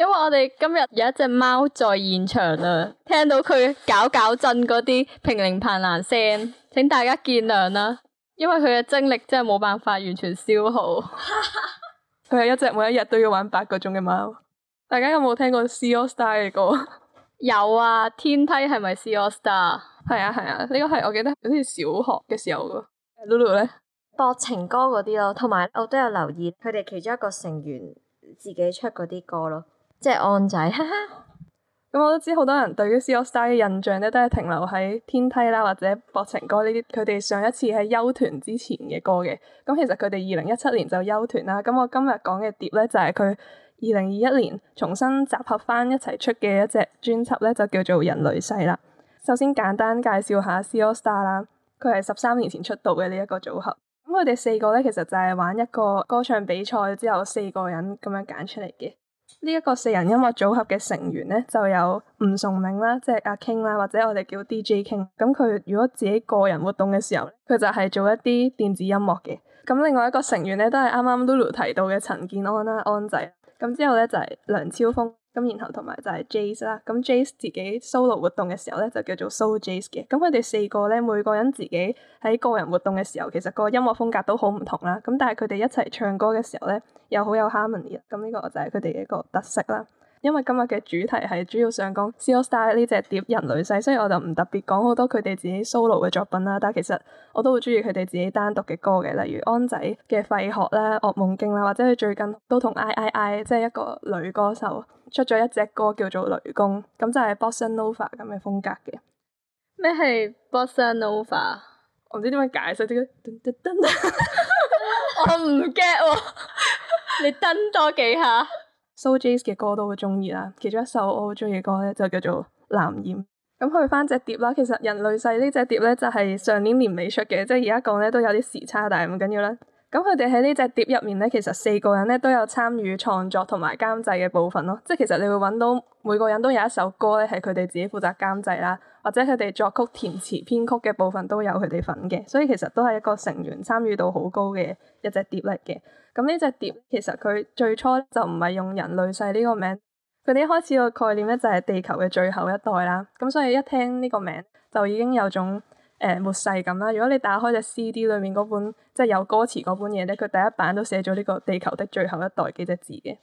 因為我哋今日有一隻貓在現場啊，聽到佢搞搞震嗰啲平陵爬欄聲，請大家見諒啦。因為佢嘅精力真係冇辦法完全消耗，佢係 一隻每一日都要玩八個鐘嘅貓。大家有冇聽過 C AllStar 嘅歌？有啊，天梯係咪 C AllStar？係啊係啊，呢、啊這個係我記得好似小學嘅時候咯。Lulu 咧，播情歌嗰啲咯，同埋我都有留意佢哋其中一個成員自己出嗰啲歌咯。即係安仔，哈哈，咁我都知好多人對於 C AllStar 嘅印象咧，都係停留喺天梯啦，或者《薄情歌》呢啲佢哋上一次喺休團之前嘅歌嘅。咁其實佢哋二零一七年就休團啦。咁我今日講嘅碟咧就係佢二零二一年重新集合翻一齊出嘅一隻專輯咧，就叫做《人類世》啦。首先簡單介紹下 C AllStar 啦，佢係十三年前出道嘅呢一個組合。咁佢哋四個咧，其實就係玩一個歌唱比賽之後四個人咁樣揀出嚟嘅。呢一個四人音樂組合嘅成員呢，就有吳崇銘啦，即係阿 King 啦，或者我哋叫 DJ King。咁佢如果自己個人活動嘅時候，佢就係做一啲電子音樂嘅。咁另外一個成員呢，都係啱啱 Lulu 提到嘅陳健安啦，安仔。咁之後呢，就係、是、梁釗峰。咁然後同埋就係 Jase 啦，咁 Jase 自己 solo 活動嘅時候咧就叫做 Solo Jase 嘅，咁佢哋四個咧每個人自己喺個人活動嘅時候，其實個音樂風格都好唔同啦，咁但係佢哋一齊唱歌嘅時候咧又好有 harmony，咁呢個就係佢哋嘅一個特色啦。因為今日嘅主題係主要想講《C AllStar》呢隻碟人類世，所以我就唔特別講好多佢哋自己 solo 嘅作品啦。但係其實我都好鍾意佢哋自己單獨嘅歌嘅，例如安仔嘅《廢學》啦、《噩夢經》啦，或者佢最近都同 I I I 即係一個女歌手出咗一隻歌叫做《雷公》，咁就係 bossa nova 咁嘅風格嘅。咩係 bossa nova？我唔知點樣解釋呢個。 我唔驚喎， 你蹬多，多幾下。Soul Jazz 嘅歌都好中意啦，其中一首我好中意嘅歌咧就叫做《藍染》。咁去返隻碟啦，其實《人類世這隻呢》呢隻碟咧就係、是、上年年尾出嘅，即係而家講咧都有啲時差，但係唔緊要啦。咁佢哋喺呢隻碟入面咧，其實四個人咧都有參與創作同埋監製嘅部分咯。即係其實你會揾到每個人都有一首歌咧，係佢哋自己負責監製啦，或者佢哋作曲、填詞、編曲嘅部分都有佢哋份嘅。所以其實都係一個成員參與度好高嘅一隻碟嚟嘅。咁呢隻碟其實佢最初就唔係用人類世呢個名，佢哋一開始個概念咧就係地球嘅最後一代啦。咁所以一聽呢個名就已經有種。誒末世感啦！如果你打開隻 CD 裏面嗰本，即係有歌詞嗰本嘢咧，佢第一版都寫咗呢個地球的最後一代幾隻字嘅。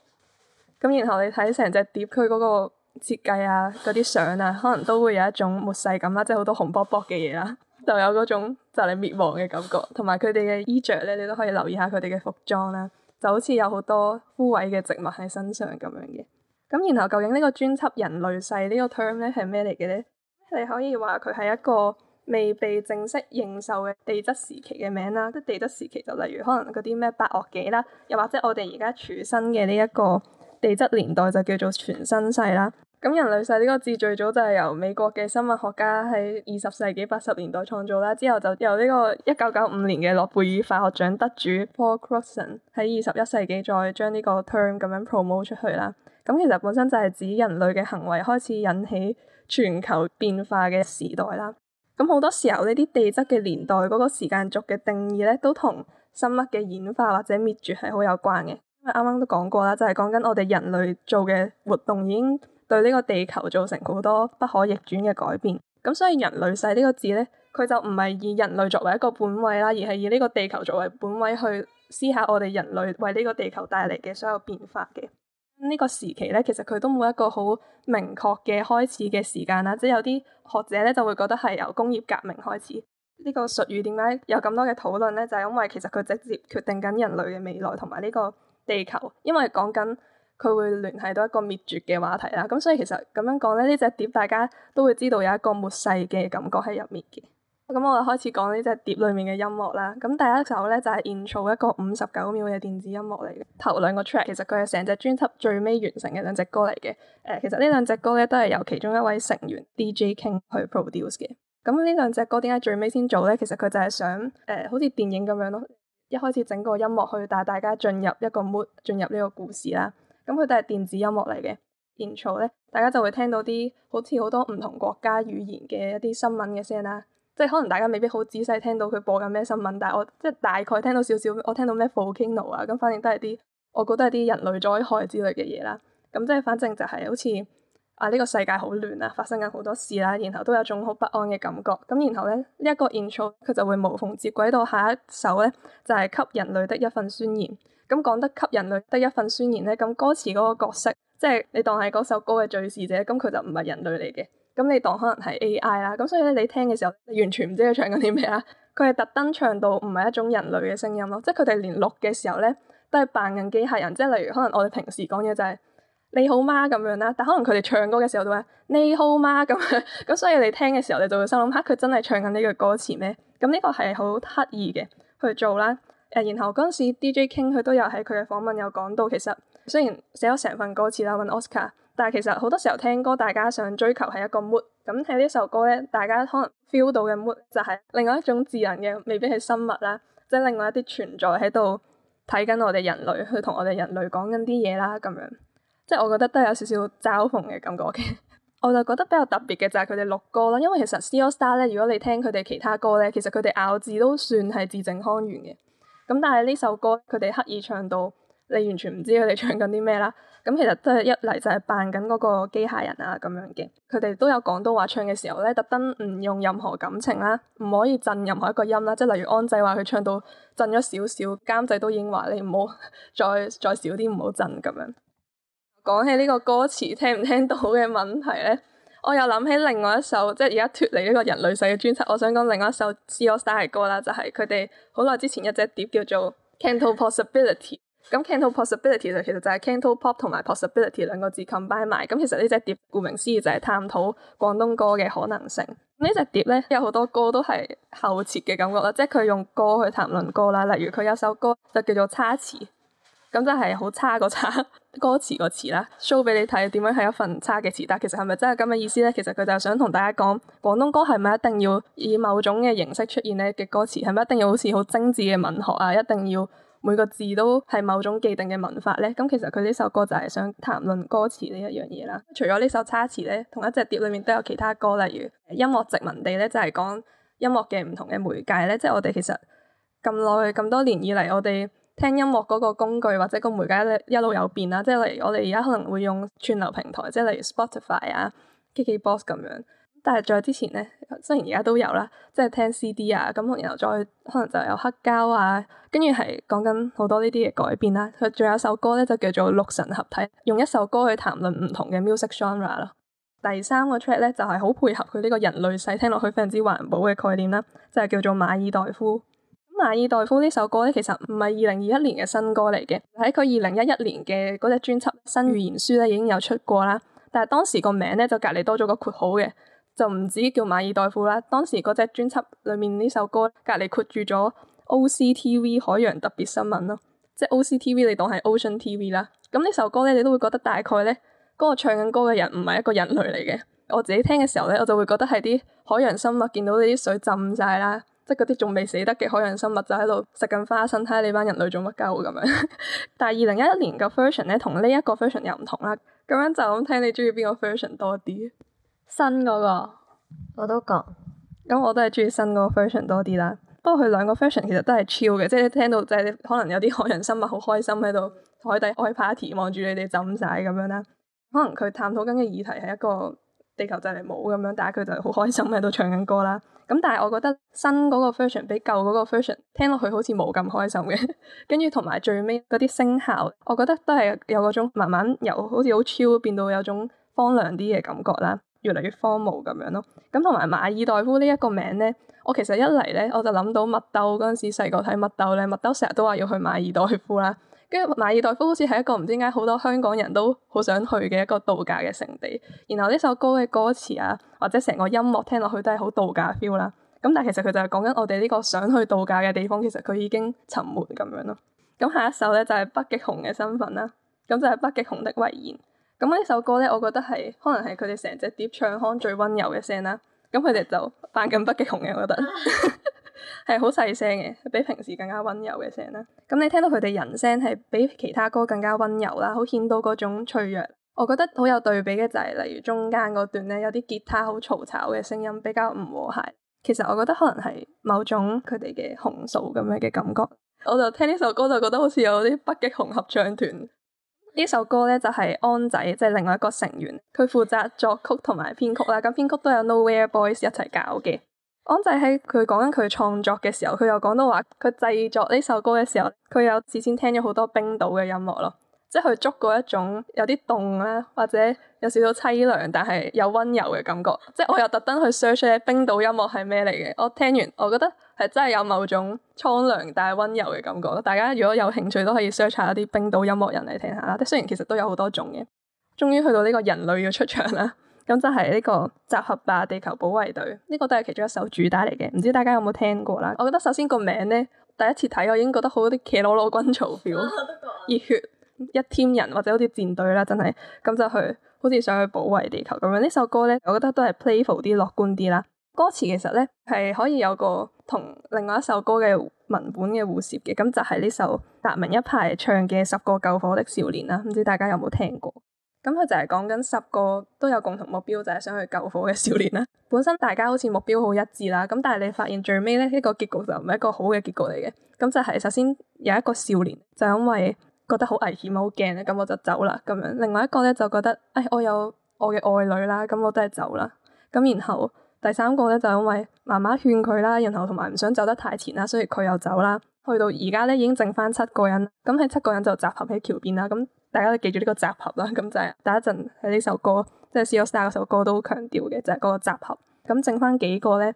咁然後你睇成隻碟，佢嗰個設計啊、嗰啲相啊，可能都會有一種末世感啦，即係好多紅卜卜嘅嘢啦，就有嗰種就係滅亡嘅感覺。同埋佢哋嘅衣着咧，你都可以留意下佢哋嘅服裝啦，就好似有好多枯萎嘅植物喺身上咁樣嘅。咁然後究竟呢個專輯人類世呢個 term 咧係咩嚟嘅咧？你可以話佢係一個未被正式認受嘅地質時期嘅名啦，即地質時期就例如可能嗰啲咩白堊紀啦，又或者我哋而家處身嘅呢一個地質年代就叫做全新世啦。咁人類世呢個字最早就係由美國嘅生物學家喺二十世紀八十年代創造啦，之後就由呢個一九九五年嘅諾貝爾化學獎得主 Paul Crutzen 喺二十一世紀再將呢個 term 咁樣 promote 出去啦。咁其實本身就係指人類嘅行為開始引起全球變化嘅時代啦。咁好多時候，呢啲地質嘅年代嗰個時間軸嘅定義咧，都同生物嘅演化或者滅絕係好有關嘅。因為啱啱都講過啦，就係講緊我哋人類做嘅活動已經對呢個地球造成好多不可逆轉嘅改變。咁所以人類世呢個字咧，佢就唔係以人類作為一個本位啦，而係以呢個地球作為本位去思考我哋人類為呢個地球帶嚟嘅所有變化嘅。呢個時期咧，其實佢都冇一個好明確嘅開始嘅時間啦，即係有啲學者咧就會覺得係由工業革命開始。呢個術語點解有咁多嘅討論咧？就係因為其實佢直接決定緊人類嘅未來同埋呢個地球，因為講緊佢會聯繫到一個滅絕嘅話題啦。咁所以其實咁樣講咧，呢隻碟大家都會知道有一個末世嘅感覺喺入面嘅。咁我就開始講呢隻碟裏面嘅音樂啦。咁第一首咧就係 Intro 一個五十九秒嘅電子音樂嚟嘅，頭兩個 track 其實佢係成隻專輯最尾完成嘅兩隻歌嚟嘅。誒、呃，其實呢兩隻歌咧都係由其中一位成員 DJ King 去 produce 嘅。咁呢兩隻歌點解最尾先做咧？其實佢就係想誒、呃，好似電影咁樣咯，一開始整個音樂去帶大家進入一個 mood，進入呢個故事啦。咁、嗯、佢都係電子音樂嚟嘅。Intro 咧，大家就會聽到啲好似好多唔同國家語言嘅一啲新聞嘅聲啦。即係可能大家未必好仔細聽到佢播緊咩新聞，但係我即係大概聽到少少，我聽到咩 fuking no 啊，咁反正都係啲我覺得係啲人類災害之類嘅嘢啦。咁即係反正就係、是、好似啊呢、這個世界好亂啊，發生緊好多事啦，然後都有種好不安嘅感覺。咁然後咧呢一、這個 intro 佢就會無縫接軌到下一首咧，就係、是、給人類的一份宣言。咁講得給人類的一份宣言咧，咁歌詞嗰個角色即係你當係嗰首歌嘅敘事者，咁佢就唔係人類嚟嘅。咁你當可能係 AI 啦，咁所以咧你聽嘅時候，你完全唔知佢唱緊啲咩啦。佢係特登唱到唔係一種人類嘅聲音咯，即係佢哋連錄嘅時候咧，都係扮緊機械人。即係例如可能我哋平時講嘢就係、是、你好嗎咁樣啦，但可能佢哋唱歌嘅時候都係你好嗎咁樣。咁所以你聽嘅時候，你就會心諗吓佢真係唱緊呢句歌詞咩？咁呢個係好刻意嘅去做啦。誒、呃，然後嗰陣時 DJ King 佢都有喺佢嘅訪問有講到，其實雖然寫咗成份歌詞啦，問 Oscar。但係其實好多時候聽歌，大家想追求係一個 mood，咁喺呢首歌咧，大家可能 feel 到嘅 mood 就係另外一種智能嘅，未必係生物啦，即係另外一啲存在喺度睇緊我哋人類，去同我哋人類講緊啲嘢啦，咁樣即係我覺得都有少少嘲諷嘅感覺嘅。 我就覺得比較特別嘅就係佢哋錄歌啦，因為其實 C AllStar 咧，如果你聽佢哋其他歌咧，其實佢哋咬字都算係字正腔圓嘅。咁但係呢首歌佢哋刻意唱到，你完全唔知佢哋唱緊啲咩啦。咁其實都係一嚟就係扮緊嗰個機械人啊咁樣嘅，佢哋都有講到話唱嘅時候咧，特登唔用任何感情啦，唔可以震任何一個音啦，即係例如安仔話佢唱到震咗少少，監製都已經話你唔好再再少啲，唔好震咁樣。講起呢個歌詞聽唔聽到嘅問題咧，我又諗起另外一首，即係而家脱離呢個人類世嘅專輯，我想講另外一首 C AllStar 嘅歌啦，就係佢哋好耐之前一隻碟叫做《Cantopopsibility》。咁《Cantopopsibility》就其實就係《Canto Pop》同埋《Possibility》兩個字 combine 埋，咁其實呢隻碟顧名思義就係探討廣東歌嘅可能性。呢隻碟咧有好多歌都係後設嘅感覺啦，即係佢用歌去談論歌啦。例如佢有首歌就叫做《差詞》，咁就係好差個差，歌詞個詞啦。show 俾你睇點樣係一份差嘅詞，但其實係咪真係咁嘅意思咧？其實佢就係想同大家講廣東歌係咪一定要以某種嘅形式出現咧嘅歌詞，係咪一定要好似好精緻嘅文學啊？一定要。每個字都係某種既定嘅文法咧，咁其實佢呢首歌就係想談論歌詞呢一樣嘢啦。除咗呢首叉詞咧，同一隻碟裏面都有其他歌，例如《音樂殖民地》咧，就係講音樂嘅唔同嘅媒介咧。即係我哋其實咁耐咁多年以嚟，我哋聽音樂嗰個工具或者個媒介咧一路有變啦。即係例如我哋而家可能會用串流平台，即係例如 Spotify 啊、KKBOX 咁樣。但係在之前咧，雖然而家都有啦，即係聽 CD 啊，咁然後再可能就有黑膠啊，跟住係講緊好多呢啲嘅改變啦。佢仲有一首歌咧，就叫做六神合體，用一首歌去談論唔同嘅 music genre 咯。第三個 track 咧，就係、是、好配合佢呢個人類世聽落去非常之環保嘅概念啦，就係、是、叫做馬爾代夫。馬爾代夫呢首歌咧，其實唔係二零二一年嘅新歌嚟嘅，喺佢二零一一年嘅嗰隻專輯《新語言書呢》咧已經有出過啦，但係當時個名咧就隔離多咗個括號嘅。就唔止叫馬爾代夫啦，當時嗰隻專輯裏面呢首歌隔離括住咗 OCTV 海洋特別新聞咯，即係 OCTV 你當係 Ocean TV 啦。咁呢首歌咧，你都會覺得大概咧，嗰個唱緊歌嘅人唔係一個人類嚟嘅。我自己聽嘅時候咧，我就會覺得係啲海洋生物見到你啲水浸晒啦，即係嗰啲仲未死得嘅海洋生物就喺度食緊花生，睇下你班人類做乜鳩咁樣。 但係二零一一年嘅 version 咧，同呢一個 version 又唔同啦。咁樣就咁聽，你中意邊個 version 多啲？新嗰、那個我都覺咁，我都係中意新嗰個 version 多啲啦。不過佢兩個 version 其實都係 chill 嘅，即係聽到即係可能有啲海洋生物好開心喺度海底開 party，望住你哋浸晒咁樣啦。可能佢探討緊嘅議題係一個地球就嚟冇咁樣，但係佢就好開心喺度唱緊歌啦。咁但係我覺得新嗰個 version 比舊嗰個 version 聽落去好似冇咁開心嘅，跟住同埋最尾嗰啲聲效，我覺得都係有嗰種慢慢由好似好 chill 變到有種荒涼啲嘅感覺啦。越嚟越荒謬咁樣咯，咁同埋馬爾代夫呢一個名咧，我其實一嚟咧我就諗到麥兜嗰陣時細個睇麥兜咧，麥兜成日都話要去馬爾代夫啦，跟住馬爾代夫好似係一個唔知點解好多香港人都好想去嘅一個度假嘅勝地，然後呢首歌嘅歌詞啊，或者成個音樂聽落去都係好度假 feel 啦，咁但係其實佢就係講緊我哋呢個想去度假嘅地方，其實佢已經沉沒咁樣咯，咁下一首咧就係、是、北極熊嘅身份啦，咁就係北極熊的遺言。咁呢首歌咧，我覺得係可能係佢哋成隻碟唱腔最溫柔嘅聲啦。咁佢哋就扮緊北極熊嘅，我覺得係好 細聲嘅，比平時更加溫柔嘅聲啦。咁你聽到佢哋人聲係比其他歌更加溫柔啦，好顯到嗰種脆弱。我覺得好有對比嘅就係、是、例如中間嗰段咧，有啲吉他好嘈吵嘅聲音，比較唔和諧。其實我覺得可能係某種佢哋嘅紅素咁樣嘅感覺。我就聽呢首歌就覺得好似有啲北極熊合唱團。呢首歌咧就係安仔，即係另外一個成員，佢負責作曲同埋編曲啦。咁編曲都有 Nowhere Boys 一齊搞嘅。安仔喺佢講緊佢創作嘅時候，佢又講到話，佢製作呢首歌嘅時候，佢有事先聽咗好多冰島嘅音樂咯，即係佢捉過一種有啲凍啊，或者有少少凄涼，但係有温柔嘅感覺。即係我又特登去 search 咧，冰島音樂係咩嚟嘅？我聽完，我覺得。係真係有某種蒼涼但係温柔嘅感覺咯。大家如果有興趣都可以 search 下一啲冰島音樂人嚟聽下啦。啲雖然其實都有好多種嘅。終於去到呢個人類嘅出場啦。咁就係呢個集合吧，地球保衛隊。呢、這個都係其中一首主打嚟嘅。唔知大家有冇聽過啦？我覺得首先個名咧，第一次睇我已經覺得好啲 Keroro 軍曹 feel，啊、熱血一 team 人或者好似戰隊啦，真係咁就去，好似想去保衛地球咁樣。呢首歌咧，我覺得都係 playful 啲，樂觀啲啦。歌詞其實呢，係可以有個同另外一首歌嘅文本嘅互涉嘅，咁就係呢首達明一派唱嘅《十個救火的少年》啦。唔知大家有冇聽過？咁佢就係講緊十個都有共同目標，就係、是、想去救火嘅少年啦。本身大家好似目標好一致啦，咁但係你發現最尾呢一個結局就唔係一個好嘅結局嚟嘅。咁就係首先有一個少年就因為覺得好危險、好驚咧，咁我就走啦。咁樣另外一個呢，就覺得唉、哎，我有我嘅愛女啦，咁我都係走啦。咁然後。第三個咧就因為媽媽勸佢啦，然後同埋唔想走得太前啦，所以佢又走啦。去到而家咧已經剩翻七個人，咁喺七個人就集合喺橋邊啦。咁大家都記住呢個集合啦，咁就係等一陣喺呢首歌，即係《C AllStar》嗰首歌都好強調嘅，就係、是、嗰個集合。咁剩翻幾個咧，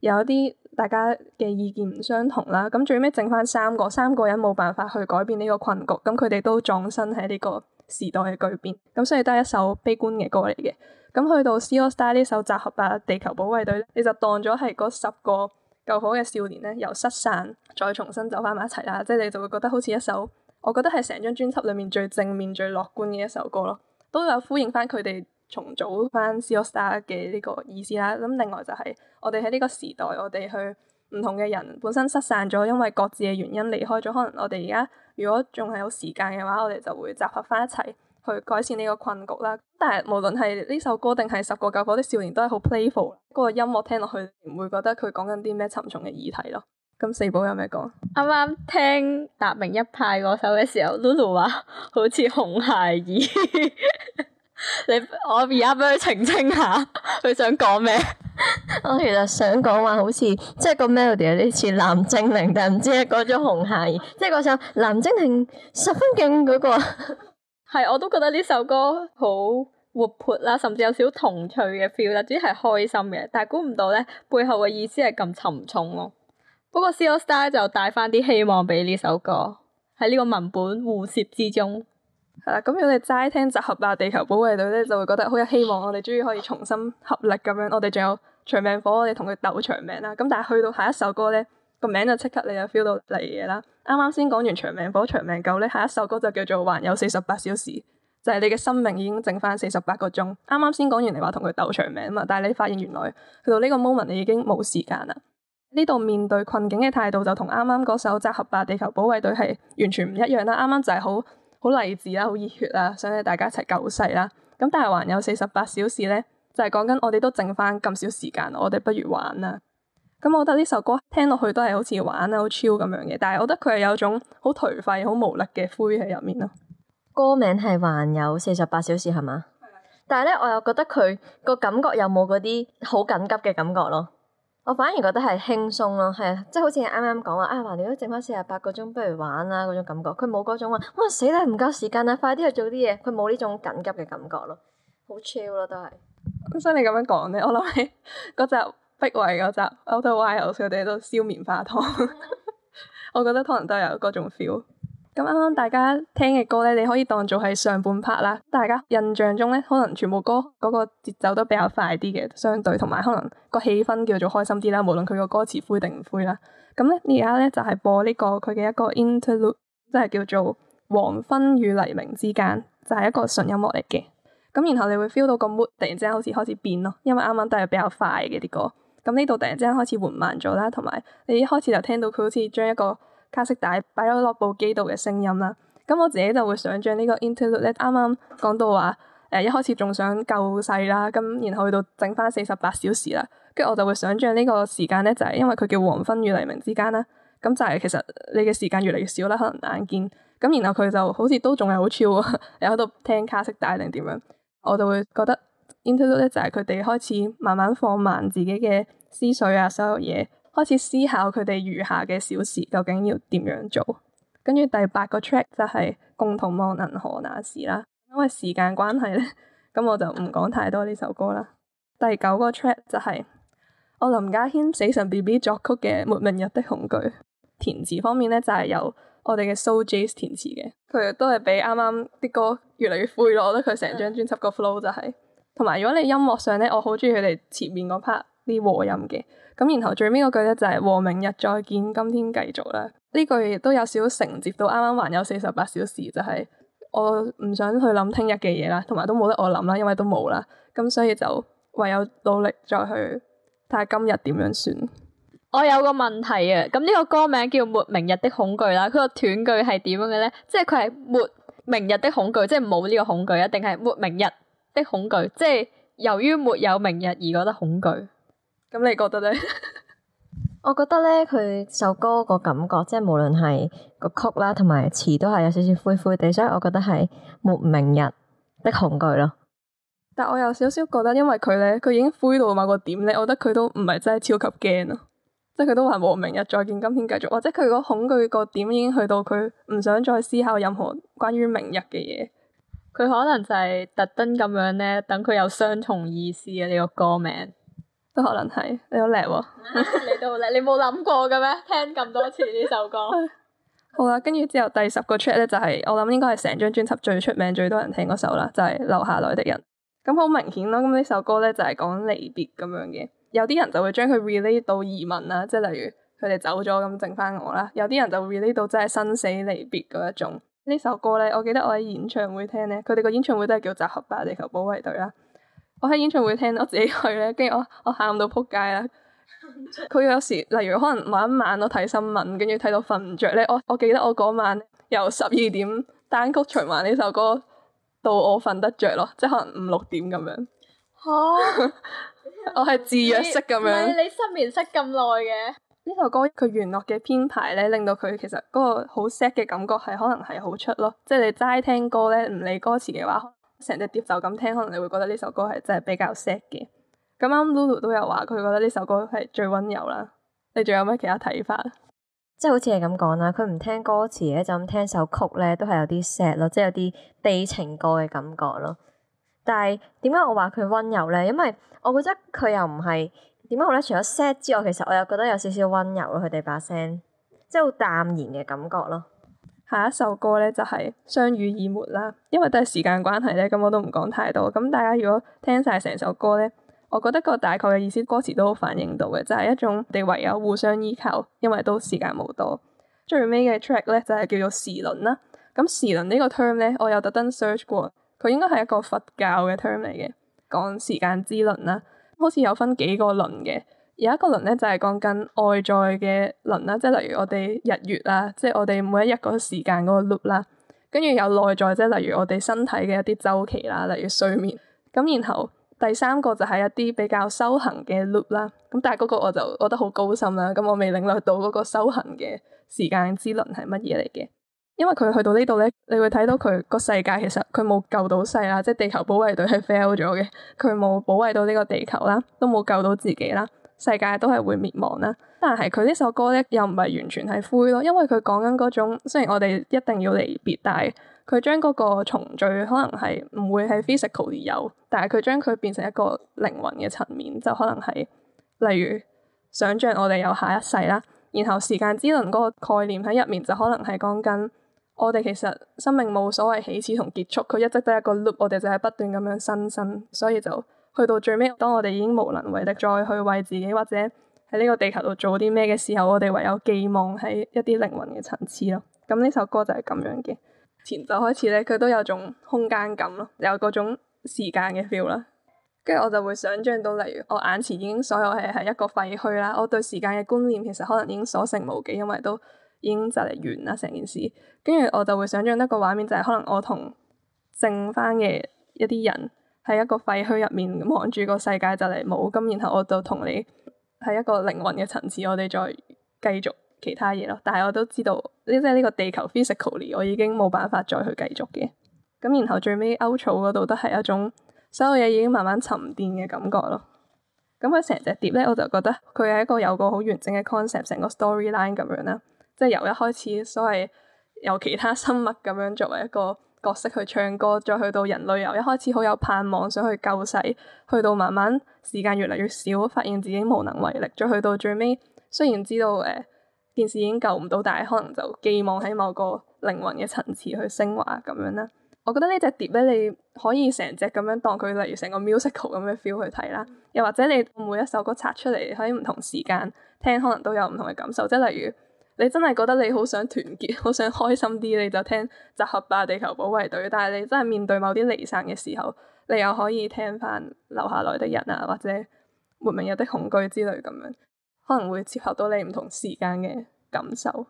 有啲大家嘅意見唔相同啦。咁最尾剩翻三個，三個人冇辦法去改變呢個困局，咁佢哋都葬身喺呢個時代嘅巨變。咁所以都係一首悲觀嘅歌嚟嘅。咁去到《C AllStar》呢首集合啊，《地球保衛隊》咧，你就當咗係嗰十個救火嘅少年咧，由失散再重新走翻埋一齊啦，即係你就會覺得好似一首，我覺得係成張專輯裏面最正面、最樂觀嘅一首歌咯，都有呼應翻佢哋重組翻《C AllStar》嘅呢個意思啦。咁另外就係我哋喺呢個時代，我哋去唔同嘅人本身失散咗，因為各自嘅原因離開咗，可能我哋而家如果仲係有時間嘅話，我哋就會集合翻一齊。去改善呢個困局啦！但係無論係呢首歌定係十個救火的少年都係好 playful。嗰個音樂聽落去唔會覺得佢講緊啲咩沉重嘅議題咯。咁四寶有咩講？啱啱聽達明一派嗰首嘅時候，Lulu 話好似紅孩兒。 你我而家俾佢澄清下，佢想講咩？ 我其實想講話好似即係個 melody 有啲似藍精靈，但唔知係講咗紅孩兒。即係嗰首藍精靈十分勁嗰、嗰個。 係，我都覺得呢首歌好活潑啦、啊，甚至有少少童趣嘅 feel 啦、啊，主要係開心嘅。但係估唔到咧，背後嘅意思係咁沉重咯、啊。不過 C AllStar 就帶翻啲希望畀呢首歌喺呢個文本互涉之中。係啦、啊，咁如果你齋聽集合地球保衛隊咧，就會覺得好有希望。我哋終於可以重新合力咁樣，我哋仲有長命火，我哋同佢鬥長命啦。咁、嗯、但係去到下一首歌咧。個名就即刻你就 feel 到嚟嘢啦！啱啱先講完長命火、長命狗咧，下一首歌就叫做《還有四十八小時》，就係，是，你嘅生命已經剩翻四十八個鐘。啱啱先講完你話同佢鬥長命啊嘛，但係你發現原來去到呢個 moment 你已經冇時間啦。呢度面對困境嘅態度就同啱啱嗰首集合吧地球保衞隊係完全唔一樣啦。啱啱就係好好勵志啦、好熱血啊，想喺大家一齊救世啦。咁但係還有四十八小時咧，就係講緊我哋都剩翻咁少時間，我哋不如玩啦。咁我覺得呢首歌聽落去都係好似玩得好 chill 咁樣嘅，但係我覺得佢係有種好頹廢、好無力嘅灰喺入面咯。歌名係還有四十八小時係嘛？ 但係咧，我又覺得佢個感覺有冇嗰啲好緊急嘅感覺咯？我反而覺得係輕鬆咯，係啊，即係好似你啱啱講話啊，橫掂都剩翻四十八個鐘，不如玩啊嗰種感覺。佢冇嗰種話哇死啦唔夠時間啦，快啲去做啲嘢。佢冇呢種緊急嘅感覺咯，好 chill 咯都係。咁聽你咁樣講咧，我諗起嗰《壁圍》嗰集我 Outlaw 好似佢哋喺度燒棉花糖， 我覺得可能都有嗰種 feel。咁啱啱大家聽嘅歌咧，你可以當做係上半 part 啦。大家印象中咧，可能全部歌嗰個節奏都比較快啲嘅，相對同埋可能個氣氛叫做開心啲啦。無論佢個歌詞灰定唔灰啦，咁咧而家咧就係、是、播呢、這個佢嘅一個 interlude，即係叫做黃昏與黎明之間，就係、是、一個純音樂嚟嘅。咁然後你會 feel 到個 mood 突然之間好似開始變咯，因為啱啱都係比較快嘅啲歌。咁呢度突然之間開始緩慢咗啦，同埋你一開始就聽到佢好似將一個卡式帶擺咗落部機度嘅聲音啦。咁我自己就會想像呢個 interlude 咧，啱啱講到話誒一開始仲想救世啦，咁然後去到整翻四十八小時啦，跟住我就會想象呢個時間咧就係、是、因為佢叫黃昏與黎明之間啦。咁就係其實你嘅時間越嚟越少啦，可能眼見咁，然後佢就好似都仲係好 chill 啊，又喺度聽卡式帶定點樣，我就會覺得。intro e 咧，就係佢哋開始慢慢放慢自己嘅思緒啊，所有嘢，開始思考佢哋餘下嘅小事究竟要點樣做。跟住第八個 track 就係、是、共同望銀河那時啦，因為時間關係咧，咁我就唔講太多呢首歌啦。第九個 track 就係、是、我林家謙死神 B B 作曲嘅《沒明日的恐懼》。填詞方面咧就係、是、由我哋嘅 Soul Jazz 填詞嘅，佢都係比啱啱啲歌越嚟越灰咯。我覺得佢成張專輯個 flow 就係、是。同埋，如果你音樂上咧，我好中意佢哋前面嗰 part 啲和音嘅。咁，然後最尾嗰句咧就係和明日再見，今天繼續啦。呢句亦都有少少承接到啱啱還有四十八小時，就係我唔想去諗聽日嘅嘢啦，同埋都冇得我諗啦，因為都冇啦。咁所以就唯有努力再去睇下今日點樣算。我有個問題啊，咁呢個歌名叫《沒明日的恐懼》啦，佢個斷句係點樣嘅咧？即係佢係沒明日的恐懼，即係冇呢個恐懼，一定係沒明日？的恐懼，即係由於沒有明日而覺得恐懼。咁你覺得咧？ 我覺得咧，佢首歌個感覺，即係無論係個曲啦，同埋詞都係有少少灰灰地，所以我覺得係沒明日的恐懼咯。但我有少少覺得，因為佢咧，佢已經灰到某個點咧，我覺得佢都唔係真係超級驚咯，即係佢都話冇明日再見，今天繼續，或者佢個恐懼個點已經去到佢唔想再思考任何關於明日嘅嘢。佢可能就係特登咁樣咧，等佢有相同意思嘅，啊、呢、這個歌名，都可能係，你好叻喎，你都好叻，你冇諗過嘅咩？聽咁多次呢首歌， 好啦，啊，跟住之後第十個 track 咧就係、是，我諗應該係成張專輯最出名、最多人聽嗰首啦，就係、是《留下來的人》。咁，嗯、好明顯咯，咁呢首歌咧就係講離別咁樣嘅，有啲人就會將佢 relate 到移民啦，即係例如佢哋走咗咁剩翻我啦，有啲人就 relate 到真係生死離別嗰一種。呢首歌咧，我記得我喺演唱會聽咧，佢哋個演唱會都係叫集合吧，地球保衛隊啦。我喺演唱會聽，我自己去咧，跟住我我喊到撲街啦。佢 有時例如可能晚一晚都睇新聞，跟住睇到瞓唔着咧。我我記得我嗰晚由十二點單曲循環呢首歌，到我瞓得着咯，即係可能五六點咁樣。吓！我係自虐式咁樣。唔係你失眠，失咁耐嘅。呢首歌佢原律嘅編排咧，令到佢其實嗰個好 sad 嘅感覺係可能係好出咯。即係你齋聽歌咧，唔理歌詞嘅話，成隻碟就咁聽，可能你會覺得呢首歌係真係比較 sad 嘅。咁啱 Lulu 都有話佢覺得呢首歌係最溫柔啦。你仲有咩其他睇法？即係好似係咁講啦，佢唔聽歌詞咧，就咁聽首曲咧，都係有啲 sad 咯，即係有啲悲情歌嘅感覺咯。但係點解我話佢溫柔咧？因為我覺得佢又唔係。點解好咧？除咗 sad 之外，其實我又覺得有少少温柔咯，佢哋把聲，即係好淡然嘅感覺咯。下一首歌咧就係、是《相濡以沫》啦，因為都係時間關係咧，咁我都唔講太多。咁大家如果聽晒成首歌咧，我覺得個大概嘅意思，歌詞都好反映到嘅，就係、是、一種地唯有互相依靠，因為都時間冇多。最尾嘅 track 咧就係、是、叫做《時輪》啦。咁時輪呢個 term 咧，我又特登 search 過，佢應該係一個佛教嘅 term 嚟嘅，講時間之輪啦。好似有分幾個輪嘅，有一個輪咧就係講緊外在嘅輪啦，即係例如我哋日月啊，即係我哋每一日個時間嗰個 loop 啦，跟住有內在即係例如我哋身體嘅一啲周期啦，例如睡眠，咁然後第三個就係一啲比較修行嘅 loop 啦，咁但係嗰個我就覺得好高深啦，咁我未領略到嗰個修行嘅時間之輪係乜嘢嚟嘅。因為佢去到呢度呢，你會睇到佢個世界其實佢冇救到世啦，即係地球保衛隊係 fail 咗嘅，佢冇保衛到呢個地球啦，都冇救到自己啦，世界都係會滅亡啦。但係佢呢首歌呢，又唔係完全係灰咯，因為佢講緊嗰種雖然我哋一定要離別，但係佢將嗰個重聚可能係唔會係 physical 而有，但係佢將佢變成一個靈魂嘅層面，就可能係例如想象我哋有下一世啦，然後時間之輪嗰個概念喺入面就可能係講緊。我哋其實生命冇所謂起始同結束，佢一直都係一個 loop，我哋就係不斷咁樣新生，所以就去到最尾，當我哋已經無能為力再去為自己或者喺呢個地球度做啲咩嘅時候，我哋唯有寄望喺一啲靈魂嘅層次咯。咁呢首歌就係咁樣嘅，前奏開始咧，佢都有種空間感咯，有嗰種時間嘅 feel 啦。跟住我就會想象到，例如我眼前已經所有嘢係一個廢墟啦，我對時間嘅觀念其實可能已經所剩無幾，因為都，已經就嚟完啦，成件事，跟住我就會想象一個畫面、就是，就係可能我同剩翻嘅一啲人喺一個廢墟入面，望住個世界就嚟冇咁，然後我就同你喺一個靈魂嘅層次，我哋再繼續其他嘢咯。但係我都知道，即係呢個地球 physically，我已經冇辦法再去繼續嘅。咁然後最尾 outro 嗰度都係一種所有嘢已經慢慢沉澱嘅感覺咯。咁佢成隻碟咧，我就覺得佢係一個有一個好完整嘅 concept，成個 storyline 咁樣啦。即係由一開始所謂由其他生物咁樣作為一個角色去唱歌，再去到人類由一開始好有盼望想去救世，去到慢慢時間越嚟越少，發現自己無能為力，再去到最尾雖然知道誒、呃、件事已經救唔到，但係可能就寄望喺某個靈魂嘅層次去升華咁樣啦。我覺得呢隻碟咧，你可以成隻咁樣當佢例如成個 musical 咁樣 feel 去睇啦，又或者你每一首歌拆出嚟，喺唔同時間聽，可能都有唔同嘅感受，即係例如。你真係覺得你好想團結，好想開心啲，你就聽集合吧、地球保衛隊。但係你真係面對某啲離散嘅時候，你又可以聽翻留下來的人啊，或者沒明日的恐懼之類咁樣，可能會結合到你唔同時間嘅感受。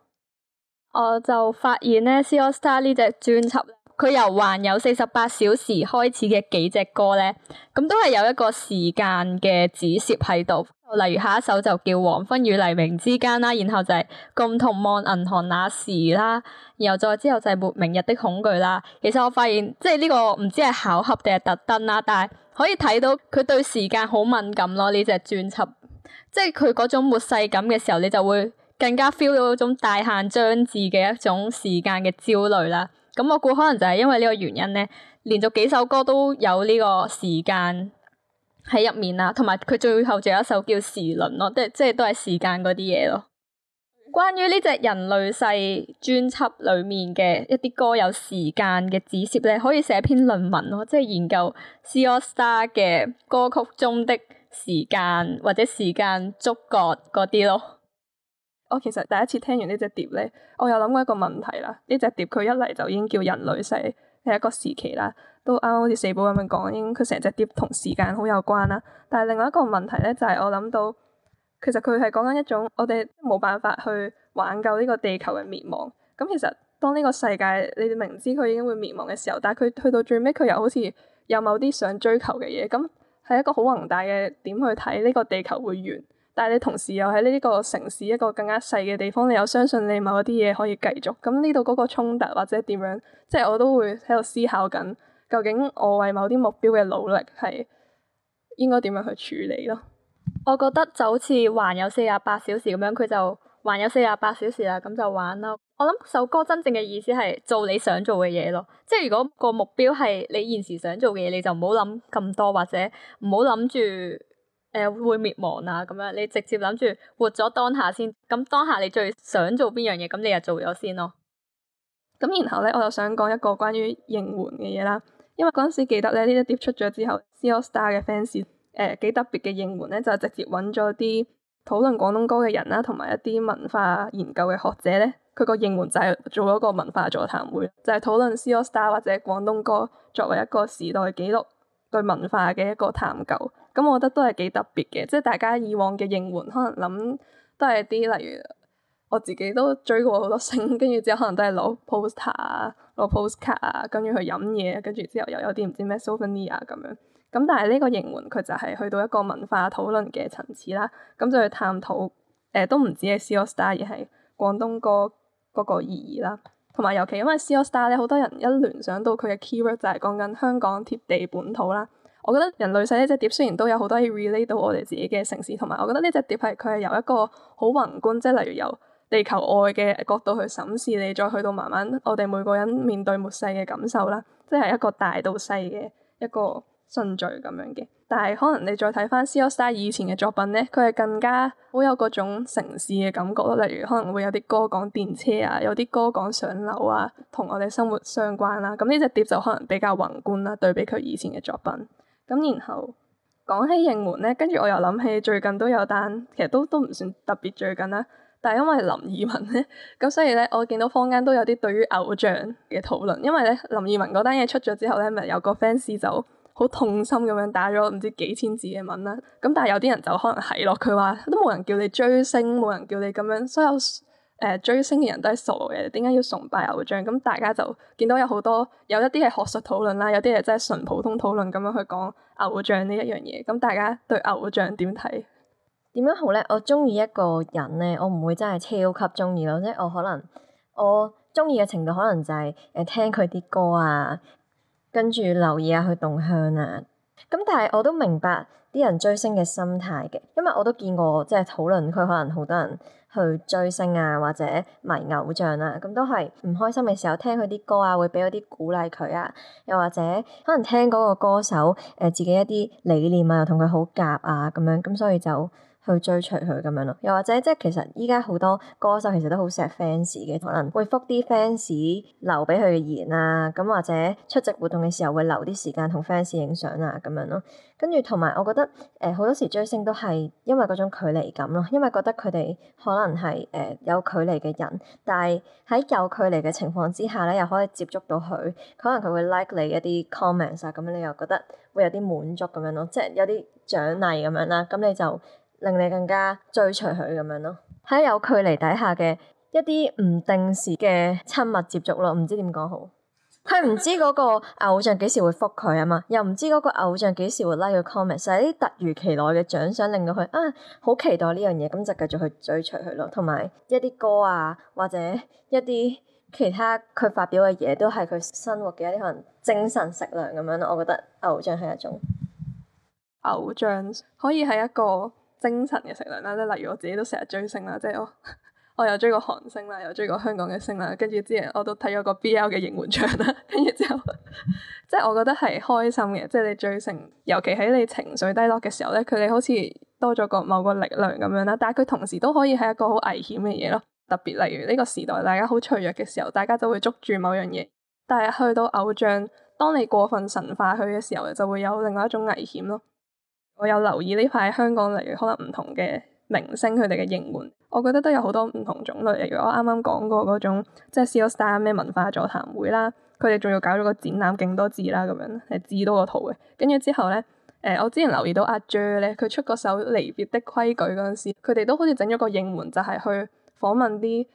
我就發現呢《C AllStar》呢隻專輯。佢由還有四十八小時開始嘅幾隻歌咧，咁都係有一個時間嘅指涉喺度。例如下一首就叫黃昏與黎明之間啦，然後就係、是、共同望銀河那時啦，然後再之後就係、是、沒明日的恐懼啦。其實我發現即係呢個唔知係巧合定係特登啦，但係可以睇到佢對時間好敏感咯。呢隻專輯即係佢嗰種末世感嘅時候，你就會更加 feel 到嗰種大限將至嘅一種時間嘅焦慮啦。咁我估可能就係因為呢個原因咧，連續幾首歌都有呢個時間喺入面啦，同埋佢最後仲有一首叫時輪咯，即係都係即係都係時間嗰啲嘢咯。關於呢隻人類世專輯裏面嘅一啲歌有時間嘅指涉咧，可以寫篇論文咯，即係研究 C AllStar 嘅歌曲中的時間或者時間觸覺嗰啲咯。我、oh, 其實第一次聽完呢隻碟咧，我有諗過一個問題啦。呢隻碟佢一嚟就已經叫人類世係一個時期啦，都啱啱好似四寶咁樣講，已經佢成隻碟同時間好有關啦。但係另外一個問題咧，就係、是、我諗到，其實佢係講緊一種我哋冇辦法去挽救呢個地球嘅滅亡。咁、嗯、其實當呢個世界你哋明知佢已經會滅亡嘅時候，但係佢去到最尾佢又好似有某啲想追求嘅嘢，咁、嗯、係一個好宏大嘅點去睇呢、這個地球會完。但係你同時又喺呢個城市一個更加細嘅地方，你又相信你某啲嘢可以繼續。咁呢度嗰個衝突或者點樣，即係我都會喺度思考緊，究竟我為某啲目標嘅努力係應該點樣去處理咯？我覺得就好似還有四廿八小時咁樣，佢就還有四十八小時啦，咁就玩咯。我諗首歌真正嘅意思係做你想做嘅嘢咯。即係如果個目標係你現時想做嘅嘢，你就唔好諗咁多，或者唔好諗住。誒、呃、會滅亡啊！咁樣你直接諗住活咗當下先，咁當下你最想做邊樣嘢，咁你就做咗先咯。咁然後咧，我就想講一個關於應援嘅嘢啦。因為嗰陣時記得咧，呢一碟出咗之後，C AllStar 嘅 fans 誒幾特別嘅應援咧，就係直接揾咗啲討論廣東歌嘅人啦，同埋一啲文化研究嘅學者咧，佢個應援就係做咗個文化座談會，就係討論 C AllStar 或者廣東歌作為一個時代記錄對文化嘅一個探究。咁我覺得都係幾特別嘅，即係大家以往嘅應援，可能諗都係啲例如我自己都追過好多星，跟住之後可能都係攞 poster 啊，攞 postcard 啊，跟住去飲嘢，跟住之後又有啲唔知咩 souvenir 咁樣。咁但係呢個應援佢就係去到一個文化討論嘅層次啦，咁就去探討誒、呃，都唔止係 C AllStar 而係廣東歌嗰個意義啦。同埋尤其因為 C AllStar 咧，好多人一聯想到佢嘅 keyword 就係講緊香港貼地本土啦。我覺得人類世呢隻碟雖然都有好多可以 relate 到我哋自己嘅城市，同埋我覺得呢隻碟係佢係由一個好宏觀，即係例如由地球外嘅角度去審視你，再去到慢慢我哋每個人面對末世嘅感受啦，即係一個大到細嘅一個順序咁樣嘅。但係可能你再睇翻 C AllStar 以前嘅作品咧，佢係更加好有嗰種城市嘅感覺咯，例如可能會有啲歌講電車啊，有啲歌講上樓啊，同我哋生活相關啦、啊。咁呢隻碟就可能比較宏觀啦，對比佢以前嘅作品。咁然後講起應援咧，跟住我又諗起最近都有單，其實都都唔算特別最近啦。但係因為林二汶咧，咁所以咧，我見到坊間都有啲對於偶像嘅討論。因為咧，林二汶嗰單嘢出咗之後咧，咪有個 fans 就好痛心咁樣打咗唔知幾千字嘅文啦。咁但係有啲人就可能睇落佢話都冇人叫你追星，冇人叫你咁樣，所以我……誒、呃、追星嘅人都係傻嘅，點解要崇拜偶像？咁大家就見到有好多有一啲係學術討論啦，有啲係真係純普通討論咁樣去講偶像呢一樣嘢。咁大家對偶像點睇？點樣好咧？我中意一個人咧，我唔會真係超級中意咯，即係我可能我中意嘅程度可能就係誒聽佢啲歌啊，跟住留意下佢動向啊。咁但係我都明白啲人追星嘅心態嘅，因為我都見過即係討論區可能好多人去追星啊，或者迷偶像啊，咁都係唔開心嘅時候聽佢啲歌啊，會俾一啲鼓勵佢啊，又或者可能聽嗰個歌手誒、呃、自己一啲理念啊，又同佢好夾啊咁樣，咁、嗯、所以就。去追隨佢咁樣咯，又或者即係其實依家好多歌手其實都好錫 fans 嘅，可能會覆啲 fans 留俾佢嘅言啊，咁或者出席活動嘅時候會留啲時間同 fans 影相啊咁樣咯。跟住同埋我覺得誒好、呃、多時追星都係因為嗰種距離感咯，因為覺得佢哋可能係誒、呃、有距離嘅人，但係喺有距離嘅情況之下咧，又可以接觸到佢，可能佢會 like 你一啲 comments 啊，咁你又覺得會有啲滿足咁樣咯，即係有啲獎勵咁樣啦，咁你就～令你更加追隨佢咁樣咯，喺有距離底下嘅一啲唔定時嘅親密接觸咯，唔知點講好。佢唔知嗰個偶像幾時會覆佢啊嘛，又唔知嗰個偶像幾時會 like 佢 comment，就係啲突如其來嘅獎賞令到佢啊好期待呢樣嘢，咁就繼續去追隨佢咯。同埋一啲歌啊，或者一啲其他佢發表嘅嘢，都係佢生活嘅一啲可能精神食糧咁樣咯。我覺得偶像係一種偶像可以係一個。精神嘅力量啦，即係例如我自己都成日追星啦，即係我，我 我有追過韓星啦，又追過香港嘅星啦，跟住之前我都睇咗個 B L 嘅熒幕劇啦，跟住之後即係我覺得係開心嘅，即係你追星，尤其喺你情緒低落嘅時候咧，佢哋好似多咗個某個力量咁樣啦，但係佢同時都可以係一個好危險嘅嘢咯，特別例如呢個時代大家好脆弱嘅時候，大家就會捉住某樣嘢，但係去到偶像，當你過分神化佢嘅時候，就會有另外一種危險咯。我有留意呢排香港，嚟，可能唔同嘅明星佢哋嘅應援，我覺得都有好多唔同種類。例如我啱啱講過嗰種，即係 C AllStar 咩文化座談會啦，佢哋仲要搞咗個展覽，勁多字啦咁樣，係字多過圖嘅。跟住之後咧，誒、呃、我之前留意到阿 Jer、er、咧，佢出嗰首離別的規矩嗰陣時，佢哋都好似整咗個應援，就係、是、去訪問啲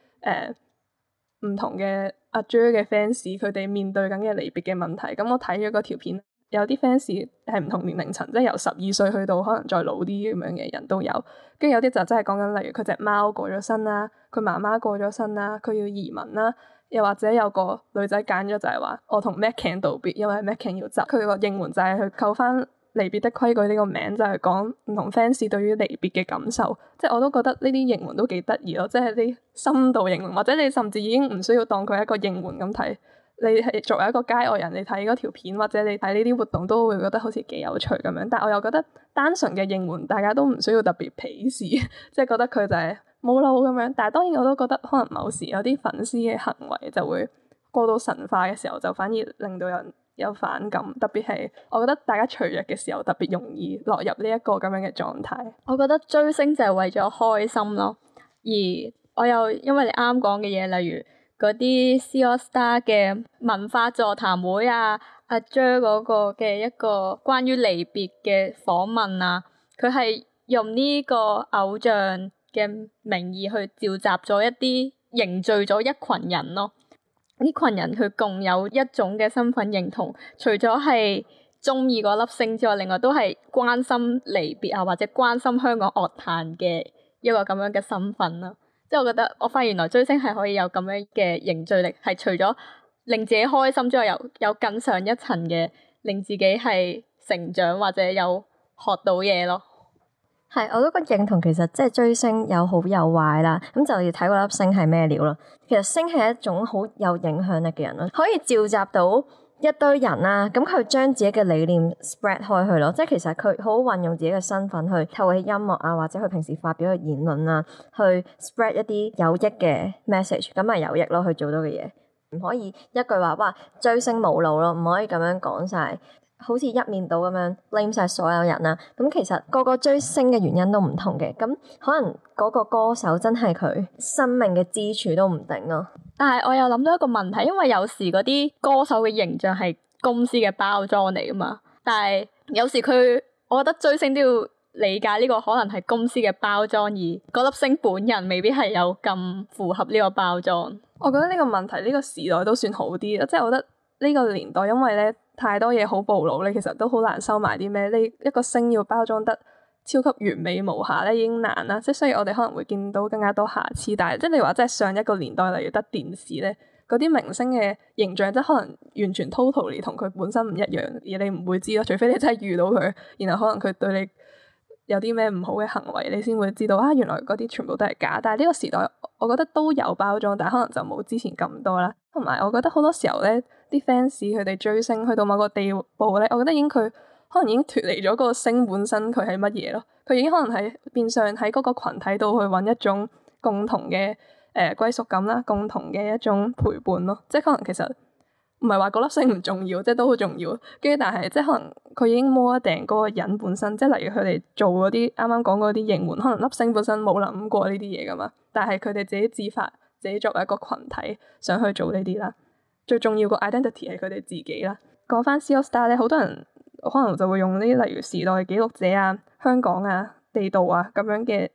誒唔同嘅阿 Jer 嘅 fans，佢哋面對緊嘅離別嘅問題。咁我睇咗嗰條片。有啲 fans 係唔同年齡層，即係由十二歲去到可能再老啲咁樣嘅人都有，跟住有啲就真係講緊，例如佢隻貓過咗身啦，佢媽媽過咗身啦，佢要移民啦，又或者有個女仔揀咗就係話我同 Macken 道別，因為 Macken 要走。佢個應援就係去扣返離別的規矩呢個名，就係講唔同 fans 對於離別嘅感受。即係我都覺得呢啲應援都幾得意咯，即係啲深度應援，或者你甚至已經唔需要當佢一個應援咁睇。你係作為一個街外人，你睇嗰條片或者你睇呢啲活動，都會覺得好似幾有趣咁樣。但係我又覺得單純嘅應援，大家都唔需要特別鄙視，即係覺得佢就係冇腦咁樣。但係當然我都覺得，可能某時有啲粉絲嘅行為就會過到神化嘅時候，就反而令到人有反感。特別係我覺得大家脆弱嘅時候，特別容易落入呢一個咁樣嘅狀態。我覺得追星就係為咗開心咯，而我又因為你啱講嘅嘢，例如，嗰啲 C AllStar 嘅文化座談會啊，阿 Jer 嗰個嘅一個關於離別嘅訪問啊，佢係用呢個偶像嘅名義去召集咗一啲凝聚咗一群人咯，呢群人佢共有一種嘅身份認同，除咗係中意嗰粒星之外，另外都係關心離別啊，或者關心香港樂壇嘅一個咁樣嘅身份啊。即係我覺得，我發現原來追星係可以有咁樣嘅凝聚力，係除咗令自己開心之外，又有，有更上一層嘅令自己係成長或者有學到嘢咯。係，我都覺得認同，其實即係追星有好有壞啦。咁就要睇嗰粒星係咩料咯。其實星係一種好有影響力嘅人咯，可以召集到。一堆人啊，咁佢將自己嘅理念 spread 開去咯，即係其實佢好運用自己嘅身份去透過音樂啊，或者佢平時發表嘅言論啊，去 spread 一啲有益嘅 message，咁咪有益咯，去做到嘅嘢，唔可以一句話哇追星冇腦咯，唔可以咁樣講晒，好似一面倒咁樣 blame 曬所有人啊。咁其實個個追星嘅原因都唔同嘅，咁可能嗰個歌手真係佢生命嘅支柱都唔定咯。但係我又諗到一個問題，因為有時嗰啲歌手嘅形象係公司嘅包裝嚟噶嘛，但係有時佢，我覺得追星都要理解呢個可能係公司嘅包裝，而嗰粒星本人未必係有咁符合呢個包裝。我覺得呢個問題呢個時代都算好啲啦，即係我覺得呢個年代因為咧太多嘢好暴露咧，其實都好難收埋啲咩。呢一個星要包裝得。超級完美無瑕咧已經難啦，即係所以我哋可能會見到更加多瑕疵，但係即係你話即係上一個年代，例如得電視咧，嗰啲明星嘅形象即係可能完全 totally 同佢本身唔一樣，而你唔會知咯，除非你真係遇到佢，然後可能佢對你有啲咩唔好嘅行為，你先會知道啊，原來嗰啲全部都係假。但係呢個時代，我覺得都有包裝，但係可能就冇之前咁多啦。同埋我覺得好多時候咧，啲 fans 佢哋追星去到某個地步咧，我覺得已經佢。可能已經脫離咗嗰個星本身，佢係乜嘢咯？佢已經可能係變相喺嗰個群體度去揾一種共同嘅誒、呃、歸屬感啦，共同嘅一種陪伴咯。即係可能其實唔係話嗰粒星唔重要，即係都好重要。跟住但係即係可能佢已經摸一掟嗰個人本身，即係例如佢哋做嗰啲啱啱講嗰啲應援，可能粒星本身冇諗過呢啲嘢噶嘛。但係佢哋自己自發自己作為一個群體想去做呢啲啦。最重要個 identity 係佢哋自己啦。講翻 C AllStar 咧，好多人。可能就會用啲例如《時代記錄者》啊、香港啊、地道啊咁樣嘅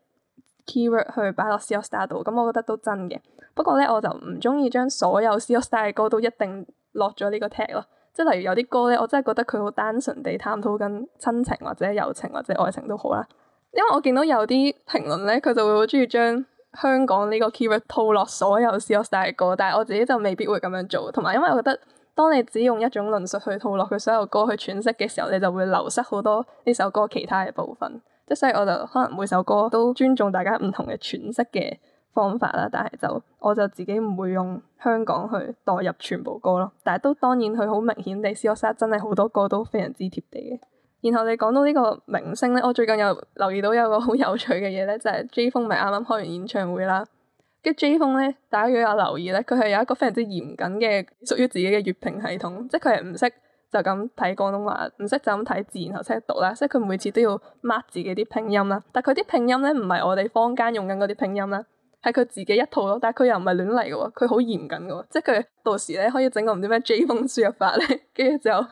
keyword 去擺落 C AllStar 度，咁我覺得都真嘅。不過咧，我就唔鍾意將所有 C AllStar 嘅歌都一定落咗呢個 tag 咯。即係例如有啲歌咧，我真係覺得佢好單純地探討緊親情或者友情或者愛情都好啦。因為我見到有啲評論咧，佢就會好鍾意將香港呢個 keyword 套落所有 C AllStar 嘅歌，但係我自己就未必會咁樣做。同埋因為我覺得。當你只用一種論述去套落佢所有歌去詮釋嘅時候，你就會流失好多呢首歌其他嘅部分。即係所以我就可能每首歌都尊重大家唔同嘅詮釋嘅方法啦。但係就我就自己唔會用香港去代入全部歌咯。但係都當然佢好明顯地，C AllStar 真係好多歌都非常之貼地嘅。然後你講到呢個明星咧，我最近又留意到有一個好有趣嘅嘢咧，就係、是、J 風咪啱啱開完演唱會啦。跟住釗峰咧，phone, 大家如果有留意咧，佢係有一個非常之嚴謹嘅屬於自己嘅粵拼系統，即係佢係唔識就咁睇廣東話，唔識就咁睇字，然後識得讀啦。即係佢每次都要 mark 自己啲拼音啦。但佢啲拼音咧，唔係我哋坊間用緊嗰啲拼音啦，係佢自己一套咯。但係佢又唔係亂嚟嘅喎，佢好嚴謹嘅喎。即係佢到時咧可以整個唔知咩釗峰輸入法咧，跟 住然後就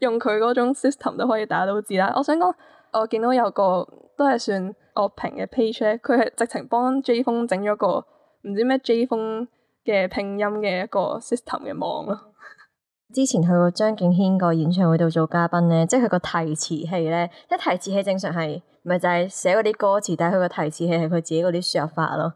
用佢嗰種 system 都可以打到字啦。我想講，我見到有個都係算 open 嘅 page 咧，佢係直情幫釗峰整咗個。唔知咩 J 風嘅拼音嘅一個 system 嘅網咯。之前去過張敬軒個演唱會度做嘉賓咧，即係佢個提詞器咧，一提詞器正常，係咪就係寫嗰啲歌詞，但係佢個提詞器係佢自己嗰啲説法咯。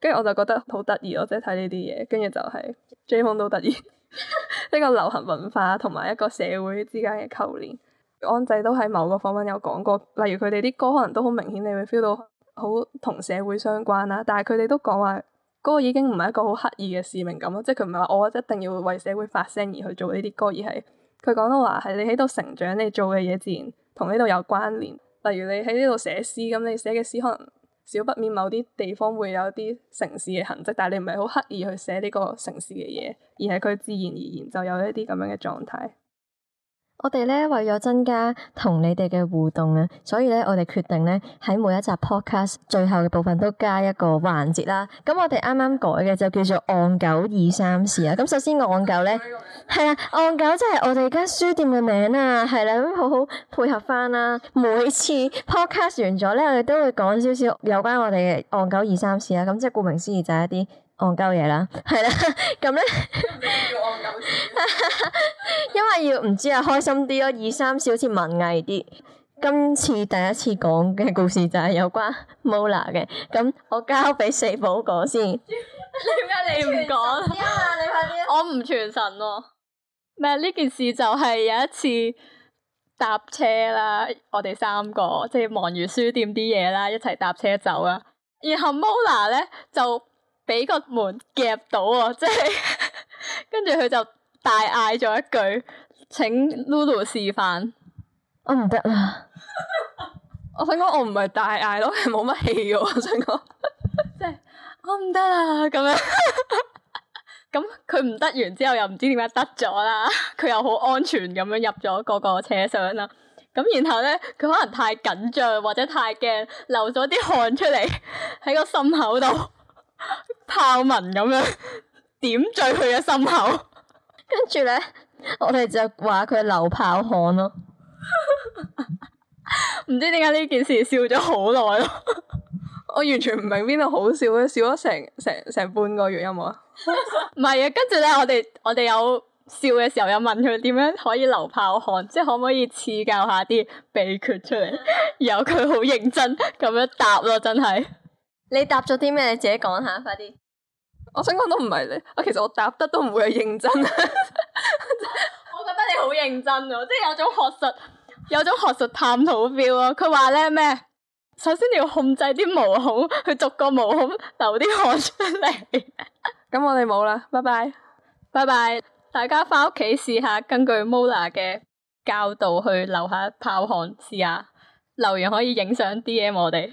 跟 住我就覺得好得意咯，即係睇呢啲嘢。跟住就係 J 風都得意， 一個流行文化同埋一個社會之間嘅扣連。安仔都喺某個訪問有講過，例如佢哋啲歌可能都好明顯，你會 feel 到。好同社會相關啦、啊，但係佢哋都講話嗰個已經唔係一個好刻意嘅使命感咯，即係佢唔係話我一定要為社會發聲而去做呢啲歌，而係佢講到話係你喺度成長，你做嘅嘢自然同呢度有關聯。例如你喺呢度寫詩咁，你寫嘅詩可能少不免某啲地方會有啲城市嘅痕跡，但係你唔係好刻意去寫呢個城市嘅嘢，而係佢自然而然就有一啲咁樣嘅狀態。我哋咧為咗增加同你哋嘅互動啊，所以咧我哋決定咧喺每一集 podcast 最後嘅部分都加一個環節啦。咁我哋啱啱改嘅就叫做《岸久二三事》啊。咁首先《岸久呢》咧係啦， 啊《岸久》即係我哋間書店嘅名啊，係啦、啊，咁好好配合翻啦、啊。每次 podcast 完咗咧，我哋都會講少少有關我哋嘅《岸久二三事》啊。咁即係顧名思義就係一啲。戇鳩嘢啦，係 啦呢，咁咧，因為要唔知啊，開心啲咯，二三事好似文藝啲。 今次第一次講嘅故事就係有關 Mola 嘅，咁我交俾四寶講先。點解 你唔講？快啲 啊！你快啲、啊。我唔全神喎、啊。咩？呢件事就係有一次搭車啦，我哋三個即係、就是、忙完書店啲嘢啦，一齊搭車走啦、啊。然後 Mola 咧就。俾個門夾到啊！即係，跟住佢就大嗌咗一句：請 Lulu 示範。我唔得啦！我想講我唔係大嗌咯，係冇乜氣嘅。我想講，即係我唔得啦咁樣。咁佢唔得完之後又唔知點解得咗啦？佢又好安全咁樣入咗個個車廂啦。咁然後咧，佢可能太緊張或者太驚，流咗啲汗出嚟喺個心口度。 豹紋咁樣點綴佢嘅心口，跟住咧，我哋就話佢流豹汗咯。唔 知點解呢件事笑咗好耐咯， 我完全唔明邊度好笑，佢笑咗成成成，成半個月有冇 啊。唔係啊，跟住咧，我哋我哋有笑嘅時候，有問佢點樣可以流豹汗，即係可唔可以賜教一下啲秘訣出嚟？然後佢好認真咁樣答咯，真係。 你答咗啲咩？你自己講下，快啲！我想講都唔係你。啊，其實我答得都唔會係認真。我覺得你好認真啊，即係有種學術，有種學術探討 feel 咯。佢話咧咩？首先你要控制啲毛孔，去逐個毛孔流啲汗出嚟。咁我哋冇啦，拜拜，拜拜！大家翻屋企試下，根據 Mola 嘅教導去流下豹汗，試下。流完可以影相 DM 我哋。